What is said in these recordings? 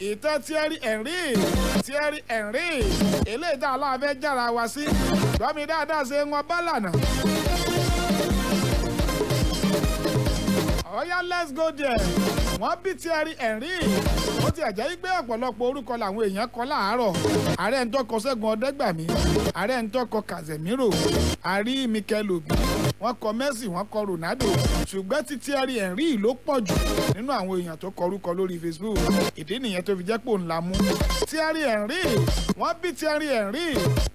ìtàn Thierry Henry Thierry Henry eléyìí tá a lọ́wọ́ fẹ́ jára wa sí gbọ́mi dáadáa ṣe wọn bá lànà. ọ̀yá let's go there wọ́n bí Thierry Henry ó ti àjẹ́ yí pé ọ̀pọ̀lọpọ̀ orúkọ làwọn èèyàn kọ láàárọ̀ ààrẹ ń tọkọ Ṣẹ́gun Ọdẹ́gbàmí ààrẹ ń tọkọ Casemiro àrí Mikel Obi wọ́n kọ Messi wọ́n kọ Ronaldo ṣùgbọ́n tí Thierry Henry ló pọ̀ jù nínú àwọn èèyàn tó kọrúkọ lórí Facebook ìdí nìyẹn tó fi jẹ́ pò ńlá mú Thierry Henry wọ́n bí Thierry Henry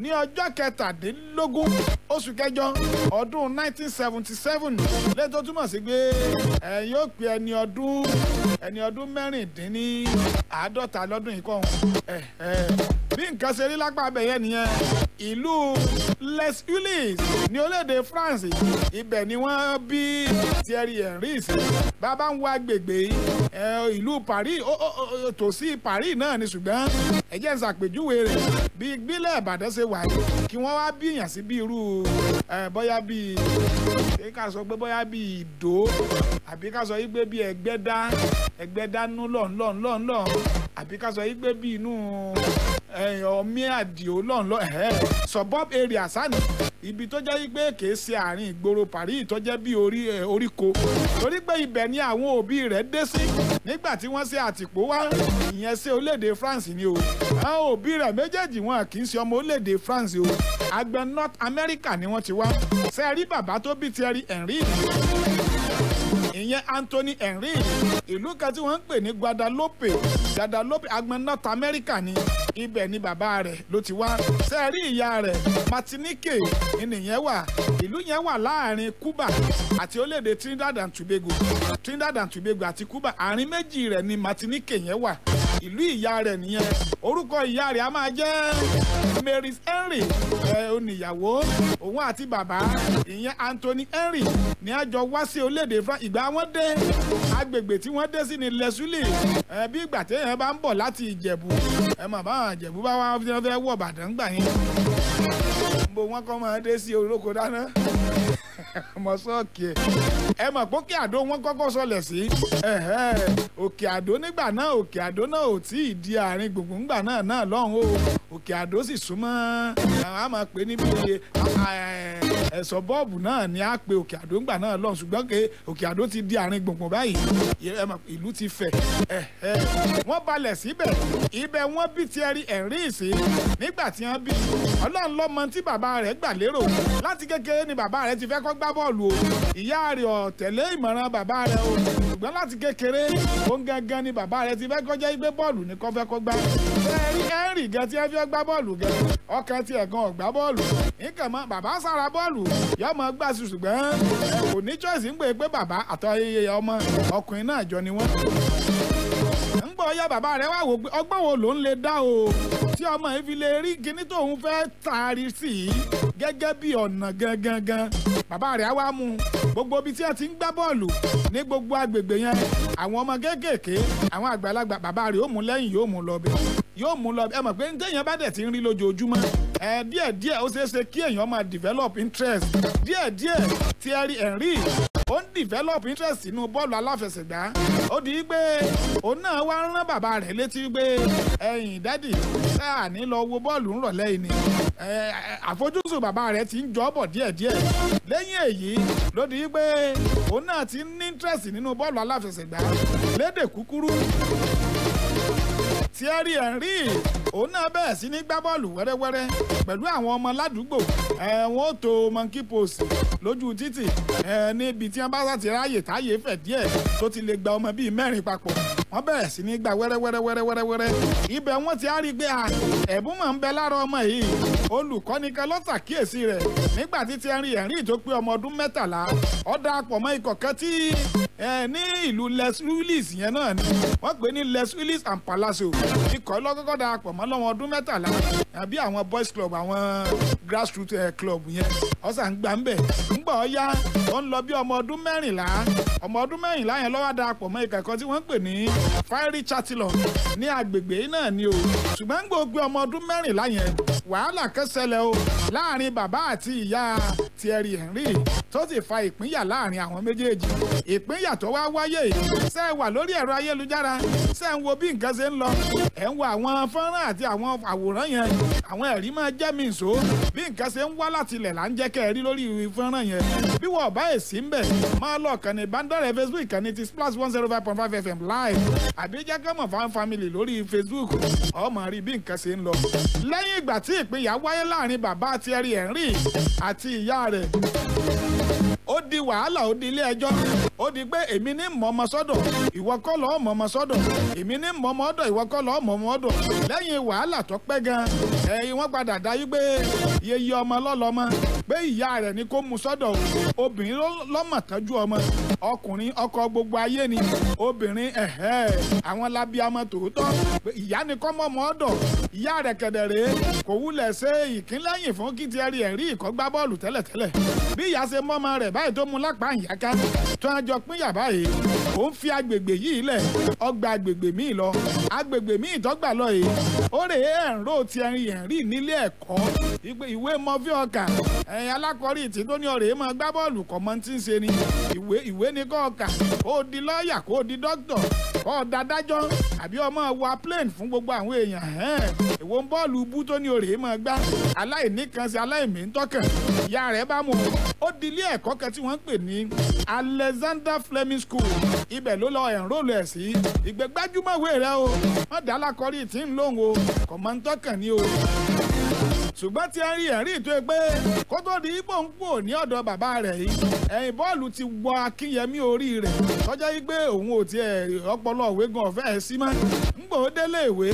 ní ọjọ́ kẹtàdínlógún oṣù kẹjọ ọdún 1977 lẹ́tọ́ túmọ̀ sí pé ẹ̀yin ó pe ẹni ọdún ẹni ọdún mẹ́rìndínní àádọ́ta lọ́dún yìí kọ́ ọ̀hún bí nǹkan ṣe rí lápá abẹ yẹn nìyẹn ìlú les ulis ní orílẹ̀-èdè France ibẹ̀ ni wọ́n bí Thierry Henry sí bàbá ń wo agbègbè ìlú Paris tòsí Paris náà ni ṣùgbọ́n ẹ jẹ́ n ṣàpèjúwe rẹ̀ bí ìbílẹ̀ Ìbàdàn ṣe wà kí wọ́n wá bíyàn sí bí irú bóyá bí ṣé ká sọ pé bóyá bí ìdó àbí ká sọ yí pé bí ẹgbẹ́dá ẹgbẹ́dá nú lọ́nlọ́nlọ́nlọ́ àbí ká sọ yí bí inú ọmí àdìo lọ́nlọ́ suburb area sani ibi tó jẹ́ pé kì í ṣe àárín ìgboro Paris tó jẹ́ bí orí eh, oríko torí pé ibẹ̀ ni àwọn òbí rẹ̀ dé sí nígbà tí wọ́n ṣe àtìpó wá ìyẹn ṣe orílẹ̀-èdè France ni o àwọn òbí rẹ̀ méjèèjì wọn kì í ṣe ọmọ orílẹ̀-èdè France o àgbẹ̀ North America ni wọ́n ti wá ṣe rí bàbá tó bí Thierry Henry ìyẹn Anthony Henry ìlú kan tí wọ́n ń pè ní Guadeloupe dàdà lóbi agbọn north america ni ibẹ̀ ni bàbá rẹ̀ ló ti wá sẹ́ẹ̀rí ìyá rẹ̀ martinique nìyẹn wà ìlú yẹn wà láàrin cuba àti orílẹ̀-èdè trinidad and tobago trinidad and tobago àti cuba àárín méjì rẹ̀ ni martinique yẹn wà ìlú ìyá rẹ̀ nìyẹn orúkọ ìyá rẹ̀ a máa jẹ́ Mary Henry ẹ̀ oníyàwó òun àti bàbá ìyẹn Anthony Henry ní àjọ wá sí orílẹ̀-èdè France ìgbà wọn dé agbègbè tí wọ́n dé sí ni lẹ́sùlì ẹ̀ bí ìgbà téèyàn bá ń bọ̀ láti Ìjẹ̀bú ẹ̀ mọ̀ báwọn Ìjẹ̀bú bá wá fẹ́ wọ̀ Ìbàdàn gbà yẹn gbogbo wọn kọ́ máa dé sí orókò dáná ọmọ sọ́ọ̀kì ẹ mọ̀ pé òkè àdó wọn kọ́kọ́ sọlẹ̀ sí òkè àdó nígbà náà òkè àdó náà ò tí ì di àárín gbùngbùn nígbà náà náà lọ́hùn òkè àdó sì súnmọ́ àwọn àmọ́ pé níbi ẹ̀sọ́ bọ́ọ̀bù náà ni a pe òkè àdó ńgbà náà lọ́hùn ṣùgbọ́n ke òkè àdó ti di àárín gbùngbùn báyìí ìlú ti fẹ̀ wọ́n balẹ̀ síbẹ̀ ibẹ̀ wọ́n bí ti ẹrí ẹ̀rí ìsìn nígbà tí wọ́n bí ọlọ́run lọ́mọ tí bàbá rẹ̀ gbà lérò láti kékeré ni bàbá rẹ̀ ti fẹ́ kọ́ gbá bọ́ọ̀lù o ìyá rẹ̀ ò tẹ̀lé ìmọ̀ràn bàbá rẹ̀ o ṣùgbọ́n láti kékeré ó ń gangan ni bàbá rẹ̀ ti fẹ́ kọjá igbé bọ́ọ̀lù ní kọ́fẹ́ kọ́ gbá ẹ̀rì gan tí ẹ fi gbá bọ́ọ̀lù gan ọkàn tiẹ̀ gan ọ̀gbá bọ́ọ̀lù nǹkan mọ́ bàbá sára bọ́ọ̀lù yọmọ gbà sí ṣùgbọ́n kò ní choice ń pè pé bàbá àtọyẹyẹ ọmọ ọkùnrin náà jọ ni ń wo ló ń dá o tí ọmọ yìí fi lè rí kíní tóun fẹ́ taari sí i gẹ́gẹ́ bí ọ̀nà gangan bàbá wá mú gbogbo ibi tí ẹ ti ń gbá bọ́ọ̀lù ní gbogbo agbègbè yẹn àwọn ọmọ kéékèèké àwọn àgbàlagbà yóò mú lọ ẹ mọ̀ pé téèyàn bá dẹ̀ ti ń rí lójoojúmọ́ ẹ díẹ̀ díẹ̀ ó ṣeé ṣe kí èèyàn máa develop interest díẹ̀ díẹ̀ Thierry Henry ó ń develop interest nínú bọ́ọ̀lù aláfẹsẹ̀gbá ó di pé òun náà wá ń rán bàbá rẹ̀ ti ń jọ́bọ̀ díẹ̀díẹ̀ lẹ́yìn èyí ló di pé òun náà ti ní Thierry Henry òun náà bẹ̀rẹ̀ sí ní gbá bọ́ọ̀lù wẹ́rẹ́wẹ́rẹ́ pẹ̀lú àwọn ọmọ ládùúgbò wọ́n tó monkey post lójú títì níbi tí wọ́n bá sàti ráàyè táyé fẹ̀ díẹ̀ tó ti lè gba ọmọ bíi mẹ́rin papọ̀ wọ́n bẹ̀rẹ̀ sí ní gba wẹ́rẹ́wẹ́rẹ́wẹ́rẹ́wẹ́rẹ́ ibẹ̀ wọ́n ti á rí i pé ẹ̀bùn mọ̀ ń bẹ lára ọmọ yìí olùkọ́ni kan ló ṣàkíyèsí rẹ̀ nígbà tí ti ẹrin ẹ̀rín tó pé ọmọ ọdún mẹ́tàlá ó darapọ̀ mọ́ ikọ̀ kan tí ní ìlú Les Ulis yẹn náà ni wọ́n pè ní Les Ulis and Palacio ikọ̀ lọ́kọ́kọ́ darapọ̀ mọ́ lọ́wọ́ ọdún mẹ́tàlá àbí àwọn boys club àwọn grassroots club yẹn ọ̀sán gbà ń bẹ̀ ńgbà ọ̀ya ó ń lọ bí ọmọ ọdún mẹ́rìnlá ọmọ ọdún mẹ́rìnlá yẹn ló darapọ̀ mọ́ ikọ̀ kan tí wọ́n pè ní Fiery Chatillon ní agbègbè náà ni o ṣùgbọ́n gbogbo ọmọ ọdún mẹ́rìnlá yẹn wàhálà kan ṣẹlẹ̀ o láàrin bàbá àti ìyá Thierry Henry tó ti fa ìpínyà láàrin àwọn méjèèjì ìpínyà tó wá wáyé ṣe é wà lórí ẹ̀rọ ayélujára ṣe ń wo bí nǹkan ṣe ń lọ ẹ̀ ń wo àwọn fọ́nrán àti àwọn àwòrán yẹn àwọn ẹ̀rí máa jẹ́ mi ìṣó bí nǹkan ṣe ń wá láti ilẹ̀ là ń jẹ́ kẹ́ ẹ rí lórí ìfọ́nrán yẹn bí wọ́n bá èsì ń bẹ̀ máa lọ kàn ní bandore facebook ìkànnì ti splash one zero oh five point five fm live àbíjá gámọ̀ fan family lórí facebook ọmọ rí bí nǹkan ṣe ń lọ. lẹ́yìn ìgbà tí ìpínyà wáyé láàrin bàbá àti ẹ̀rí Henry àti ìyá rẹ̀ ó di wàhálà ó di ilé ẹjọ́ ó di pé èmi ní mọ̀ọ́mọ sọ́dọ̀ ìwọ kọ́ lọ́ọ́ mọ̀ọ́mọ sọ́dọ̀ èmi ní mọ̀ọ́mọ ọ̀dọ̀ ìwọ kọ́ lọ́ọ́ mọ̀ọ́mọ ọ̀dọ̀ lẹ́yìn wàhálà tó pẹ́ gan-an ẹ̀yin wọ́n padà dáyú pé yeye ọmọ lọ́lọ́mọ pé ìyá rẹ̀ ni kó mú sọ́dọ̀ obìnrin lọ́mọ̀ tọ́jú ọmọ ọkùnrin ọkọ gbogbo ayé ni obìnrin ẹ̀hẹ́ àwọn lábíamọ tòótọ́ ìyá ni kọ́ mọ́ mọ́ọ́dọ̀ ìyá rẹ̀ kẹ̀dẹ̀rẹ́ kò wúlẹ̀ ṣe ìkínlẹ́yìn fún kí ti ẹ̀rí ẹ̀rí ìkọ́gbá bọ́ọ̀lù tẹ́lẹ̀tẹ́lẹ̀ bí ìyá ṣe mọ́mọ rẹ̀ báyìí tó mú lápá ìyá ká tó ń jọ pín yàrá yìí ó ń fi agbègbè yìí lẹ̀ ọgbà agbègbè míì lọ agbègbè míì tọ́gbà lọ yìí ó rè é ẹ̀ǹró ti ẹ̀rin ẹ̀rí nílé ẹ̀kọ́ ìwé mọ́fí ọkà ẹ̀yìn alákọ̀ọ́rí ìtì tó ní ọ̀rẹ́ máa gbá bọ́ọ̀lù kọ́mọ́ntì ń ṣe ni ìwé ìwé ní kọ́ ọkà ó di lọ́ọ̀yà kó di dókítọ̀ ọ̀dàdájọ́ àbí ọmọ wa plane fún gbogbo àwọn èèyàn èwo ń bọ́ọ̀lù bú tó ní orè mọ́ gbá aláìníkanṣe aláìmíntọ́kàn ìyá rẹ̀ bá mú ó di ilé ẹ̀kọ́ kan tí wọ́n ń pè ní Alexander Fleming School ibẹ̀ ló lọ ẹ̀ńrólù ẹ̀ sí ìgbẹ́gbájúmọ̀wé rẹ o wọ́n dá lákọrí tí ń lóhùn o kọ̀mọ́ntọ́kàn ni o ṣùgbọ́n tí a rí ẹ̀rí tó yẹ pé kó tó di ipò ń kúrò ní ọ̀dọ̀ bàbá rẹ̀ yìí ẹ̀yìn bọ́ọ̀lù ti wọ akínyẹmí orí rẹ̀ tọ́jà yìí pé òun ò tiẹ̀ ọpọlọ òwe gan ọ̀fẹ́ ẹ̀ sí mọ́ ń gbòó délé ìwé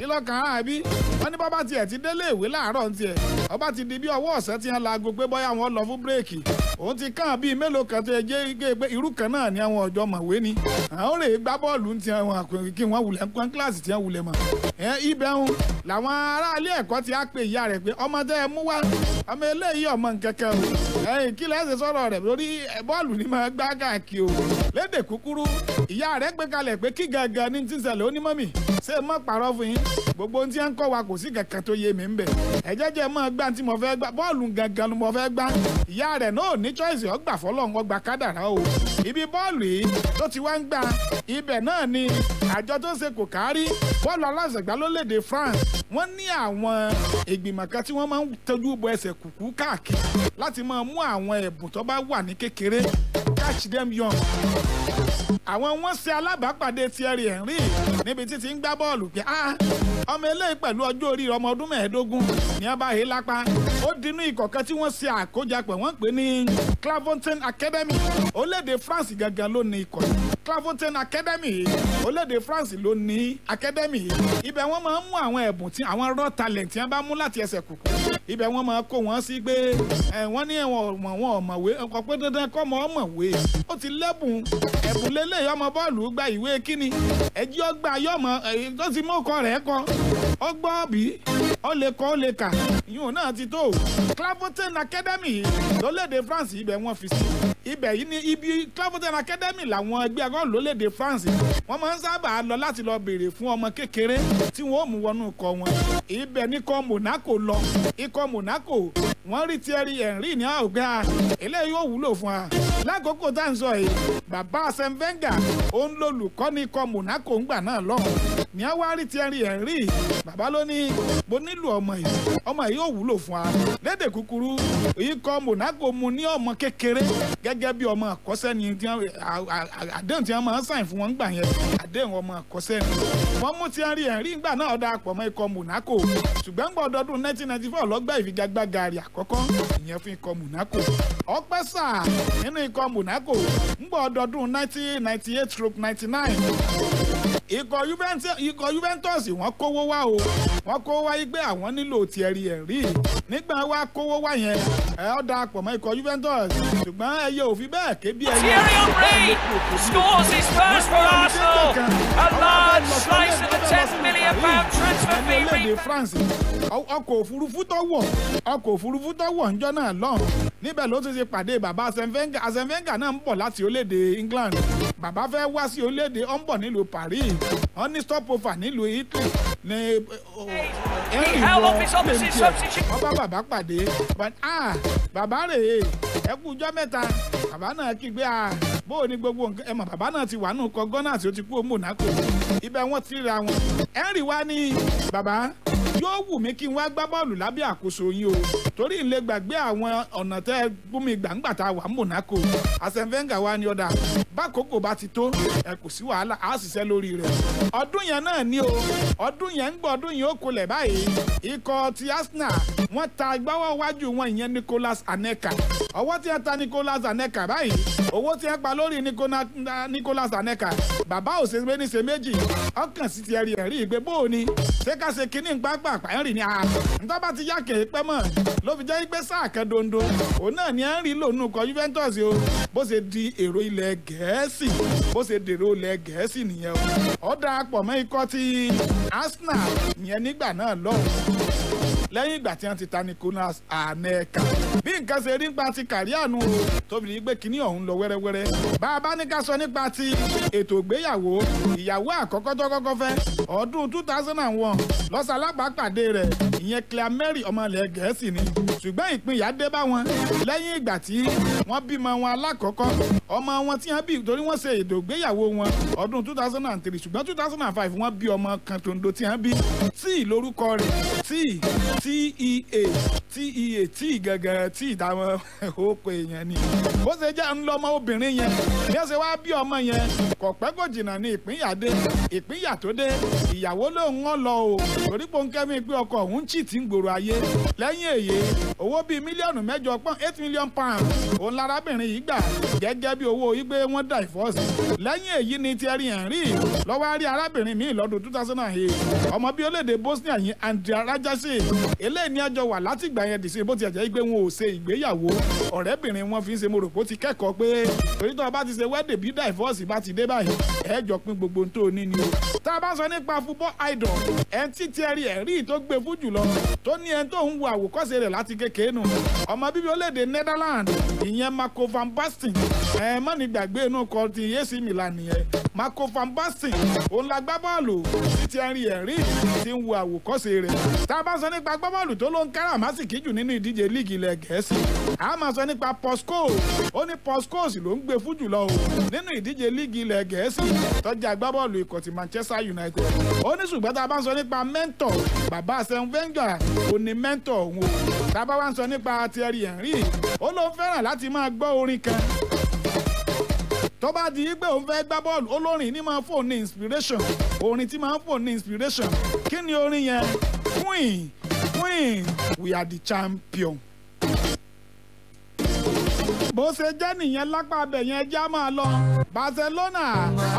niloka lọ́ra yìí wọ́n ní bọ́bá tiẹ̀ ti délé ìwé láàárọ̀ ń tiẹ̀ ọba ti di bí ọwọ́ ọ̀sẹ̀ ti hàn láago pé bọ́yá wọn lọ fún bírèkì òun ti kàn bíi mélòó kan tó yẹ jẹ́ pé irú kan náà ni àwọn ọ̀jọ́ mọ̀wé ni àwọn rèé gbá bọ́ọ̀lù ń tiẹ̀ wọn àpèrè kí wọ́n wulẹ̀ ń pọ́n kíláàsì tí wọ́n wulẹ̀ mọ̀ ẹ ibẹ̀ ń làwọn aráalé ẹ̀kọ́ ti á pe ìyá rẹ̀ pé ọmọ tẹ́ ẹ mú wá ọmọ eléyìí ọmọ nkẹ́kẹ́ o ẹ̀yìn kí lẹ́sẹ̀ sọ̀rọ̀ rẹ̀ lórí bọ́ọ̀lù ni máa gbá káàkiri o lédè kúkúrú ìyá rẹ̀ gbé kalẹ̀ pé kí gangan ní tí ó ní mọ́mì ṣé mọ́ pàrọ̀ fún yín gbogbo ohun tí wọ́n ń kọ́ wa kò sí kankan tó yé mi ń bẹ̀ ẹ̀jẹ̀ jẹ́ mọ́ gbá tí mo fẹ́ gbá bọ́ọ̀lù gangan mo fẹ́ gbá ìyá rẹ̀ náà ní choice ọgbà fọlọ́run ọgbà kádàrá o ibi bọ́ọ̀lù yìí tó ti wá ń gbà ibẹ̀ náà ni àjọ tó ṣe kò kárí bọ́ọ̀lù aláṣẹ̀gbá lólédè France wọ́n ní àwọn ìgbìmọ̀ kan tí wọ́n máa ń tọ́jú bọ ẹsẹ̀ kùkú káàkiri láti máa mú àwọn ẹ̀bùn tó bá wà ní kékeré catch them young. àwọn wọ́n ṣe alábàápàdé Thierry Henry níbi títí ń gbá bọ́ọ̀lù pé ah ọmọ eléyìí pẹ̀lú ọjọ́ orí ọmọ ọdún mẹ́ẹ̀ẹ́dógún ní abáhe lápá ó dinú ìkọ̀kan tí wọ́n ṣe àkójọpọ̀ wọ́n pè ní Clavotin Academy orílẹ̀-èdè France gangan ló ní ikọ̀ Clavotin Academy orílẹ̀-èdè France ló ní academy ibẹ̀ wọ́n máa ń mú àwọn ẹ̀bùn tí àwọn raw talent yẹn bá mú láti ẹsẹ̀ kùkù ibẹ̀ wọ́n máa kó wọn sí pé wọ́n ní wọn wọn ọ̀mọ̀wé ọkọ̀ pé dandan kọ́ mọ́ ọ̀mọ̀wé ó ti lẹ́bùn ẹ̀bùn lélẹ́yìn ọmọ bọ́ọ̀lù gba ìwé kíni ẹ̀jí ọgbà yọ̀mọ̀ tó ti mú ọkọ rẹ̀ kọ́ ọgbọ́n àbí ọ̀lẹ́kọ̀ ọ̀lẹ́kà ìyún náà ti tó clavotin academy lólédè france ibẹ̀ wọ́n fi sí ibẹ̀ yìí ní ibi clavotin academy làwọn ẹgbẹ́ agọ́n lólédè france wọ́n máa ń sábà lọ láti lọ béèrè fún ọmọ kékeré tí wọ́n ò mú wọnú ikọ̀ wọn ibẹ̀ níkọ̀ monaco lọ ikọ̀ monaco wọ́n rí Thierry Henry ní àwògbà eléyìí yóò wúlò fún wa. lákòókò tá à ń sọ yìí bàbá Arsène Wenger òun lolùkọ́ni ikọ̀ Monaco ńgbà náà lọ́hùn ní a wá rí ti ẹrin ẹ̀ rí bàbá ló ní mo nílò ọmọ yìí ọmọ yìí ò wúlò fún wa lédè kúkúrú ikọ̀ Monaco mu ní ọmọ kékeré gẹ́gẹ́ bí ọmọ àkọ́sẹ́ ni àdéhùn tí wọ́n máa ń sàn fún wọn gbà yẹn àdéhùn ọmọ àkọ́sẹ́ ni wọ́n mú ti ẹrin ẹ̀ rí ìgbà náà dà pọ̀ mọ́ ikọ̀ Monaco ṣùgbọ́n gbọ́dọ̀dún 1994 lọ́gbà ìfigagbága rẹ̀ àkọ́kọ́ ìyẹn fún ikọ̀ Monaco ọpẹ́ sáà nínú ikọ̀ Monaco ń gbọ́ ọdọọdún 1998 stroke 99 ikọ̀ ikọ̀ Juventus wọ́n kówó wá o wọ́n kówó wá yìí pé àwọn nílò Thierry Henry nígbà wa kówó wá yẹn ẹ ọ́ da pọ̀ mọ́ ikọ̀ Juventus ṣùgbọ́n ẹyẹ ò fi bẹ́ẹ̀ ké bí ẹyẹ. Thierry Henry scores his first for Arsenal a large slice of the ten million pound transfer fee. orílẹ̀-èdè France ọkọ̀ òfurufú tó wọ̀ ọkọ̀ òfurufú tó wọ̀ ńjọ́ náà lọ́hùn níbẹ̀ ló ti ṣe pàdé bàbá asenfenga asenfenga náà ń bọ̀ láti orílẹ̀-èdè England bàbá fẹ́ wá sí orílẹ̀-èdè ó ń bọ̀ nílùú Paris wọ́n ní stopover nílùú Italy ní ẹ̀rìn wọ wọ́n bá bàbá pàdé ah, bàbá rèé ẹ kú ọjọ́ mẹ́ta bàbá náà kígbe a ah, bó o ní gbogbo nǹkan ẹ mọ̀ bàbá náà ti wà nù kọ gánà tí ó ti kú ó Monaco ibẹ̀ wọ́n ti ra wọn ẹ̀rìn wá ní bàbá yóò wù mí kí n wá gbá bọ́ọ̀lù lábẹ́ àkóso yín o torí n lè gbàgbé àwọn ọ̀nà tẹ́ gbómi gbàǹgbà tá a wà Monaco Arsene Wenger wa ni ọ̀dà bákòókò bá ti tó ẹ kò sí wàhálà á ṣiṣẹ́ lórí rẹ̀ ọdún yẹn náà ni o ọdún yẹn ń gbọ́ ọdún yẹn ó kolẹ̀ báyìí ikọ̀ ti Arsenal wọ́n ta gbọ́wọ́ wájú wọn ìyẹn Nicolas Anelka ọwọ́ tí ẹ ta Nicolas Anelka báyìí owó tí ẹ pa lórí Nicolas Anelka bàbá òṣèré ní ṣe méjì ọkàn sì ti ẹ̀rí ẹ̀rí ìgbé bóòni ṣé ká ṣe kínní ń pápá pàápàá pààrì ni ntọ́ bá ti yá kéèpẹ́ mọ̀ ló fi jẹ́ pé sáà kan dondo òun náà ni henry lòun kọ Juventus o bó ṣe di èrò ilẹ̀ gẹ̀ẹ́sì bó ṣe dèrò ilẹ̀ gẹ̀ẹ́sì nìyẹn o ó darapọ̀ mọ́ ikọ̀ ti Arsenal ìyẹn nígbà náà lọ́wọ́ lẹ́yìn ìgbà tí wọ́n ti ta Nicholas Anelka. bí nǹkan ṣe rí nípa ti kàrí àánú o tóbi ní pé kinní ọ̀hún lọ wẹ́rẹ́wẹ́rẹ́. bá a bá ní ká sọ nípa ti ètò ìgbéyàwó ìyàwó àkọ́kọ́ tó kọ́kọ́ fẹ́ ọdún two thousand and one lọ́sàlábàápàdé rẹ̀ ìyẹn Claire Mary ọmọlẹ̀ gẹ̀ẹ́sì ni ṣùgbọ́n ìpínyà dé bá wọn lẹ́yìn ìgbà tí wọ́n bímọ wọn alákọ̀ọ́kọ́ ọmọ wọn tí wọ́n bí torí wọ́n ṣe ètò ìgbéyàwó wọn ọdún two thousand and three ṣùgbọ́n two thousand and five wọ́n bí ọmọ kan tòǹdó tí wọ́n bí tíì lórúkọ rẹ̀ tíì tea tea tea gangan tea táwọn òkò èèyàn ni bó ṣe jẹ́ ń lọ́mọ obìnrin yẹn bí ó ṣe wá bí ọmọ yẹn kò pẹ́ kò jìnnà ní ìpínyà dé ìpínyà tó dé ìyàwó lòun ń lọ o torí pòńkẹ́mi pé ọkọ òun chì tí ń gbòòrò ayé lẹ́yìn èyí owó bíi mílíọ̀nù mẹ́jọ pọ́n eight million pounds òun larabìnrin yìí gbà gẹ́gẹ́ bí owó yìí pé wọ́n divorce lẹ́yìn èyí ni Thierry Henry lọ́wọ́ á rí arábìnrin míì lọ́dún two thousand and eight ọmọ bíi olédè Bosnia yìí Andrea Rajasi eléyìí ni àjọ wà látìgbà yẹn dìsí bó ti ẹ̀jẹ̀ pé wọn ò ṣe ìgbéyàwó ọ̀rẹ́bìnrin wọn fi ń ṣe mo rò pé ó ti kẹ́kọ̀ọ́ pé torí tó o bá ti ṣe wedding bí divorce bá ti dé báyìí ẹ jọ pín gbogbo tó o ní ni o. tá a bá sọ nípa football idol ẹn tí tiẹ̀ rí ẹ̀rí tó gbé fún jùlọ tó ní ẹn tó ń wo àwòkọ́ṣe rẹ̀ láti kékeré nù ọmọ bíbí orílẹ̀-èdè Netherlands ìyẹn Marco van Basten ẹ̀ mọ́nìgbàgbé inú kọ́ ti AC Milan nìyẹn Marco van Basten òun la gbá bọ́ọ̀lù títí ẹrin ẹ̀rí ti ń wo àwòkọ́ṣe rẹ̀ tá a bá sọ nípa gbọ́bọ́ọ̀lù tó ló ń káràmásìkì jù nínú ìdíje líìgì ilẹ̀ gẹ̀ẹ́sì a máa sọ nípa Poscos ó ní Poscos ló ń gbé fún jùlọ o nínú ìdíje líìgì ilẹ̀ gẹ̀ẹ́sì tọ́jà gbábọ́ọ̀lù ikọ̀ ti Manchester United ó ní ṣùgbọ́n tá a bá ń sọ nípa mentor bàbá Seun Venga ó ní mentor òun o tá a bá wá sọ nípa Thierry Henry ó ló ń fẹ́ràn láti kan tó bá di pé òun fẹ́ gbá bọ́ọ̀lù olórin ní máa fò ní inspiration orin tí máa fò ní inspiration kí ni orin yẹn queen queen we are the champion bó ṣe jẹ́ nìyẹn lápá abẹ yẹn já máa lọ. Barcelona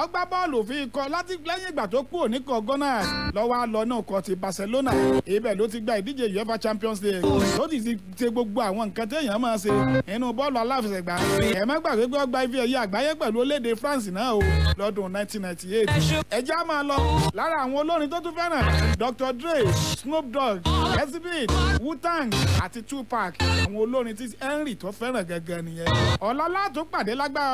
ọgbà bọ́ọ̀lù fi ikọ̀ láti lẹ́yìn ìgbà tó kúrò ní kọ̀gánà lọ́wọ́ àlọ́ náà kọ́ ti Barcelona ibẹ̀ ló ti gba ìdíje UEFA Champions League ló ti ṣe gbogbo àwọn nǹkan téèyàn máa ṣe nínú bọ́ọ̀lù aláfẹsẹ̀gbá ẹ̀ má gbàgbé pé ọgbà ife ẹ̀yẹ àgbáyé pẹ̀lú orílẹ̀ France náà o lọ́dún 1998 ẹ já máa lọ lára àwọn olórin tó tún fẹ́ràn Dr Dre Snoop Dogg exhibit Wu-Tang àti Tupac àwọn olórin tí Henry tó fẹ́ràn gangan nìyẹn ọ̀la látó pàdé lágbára.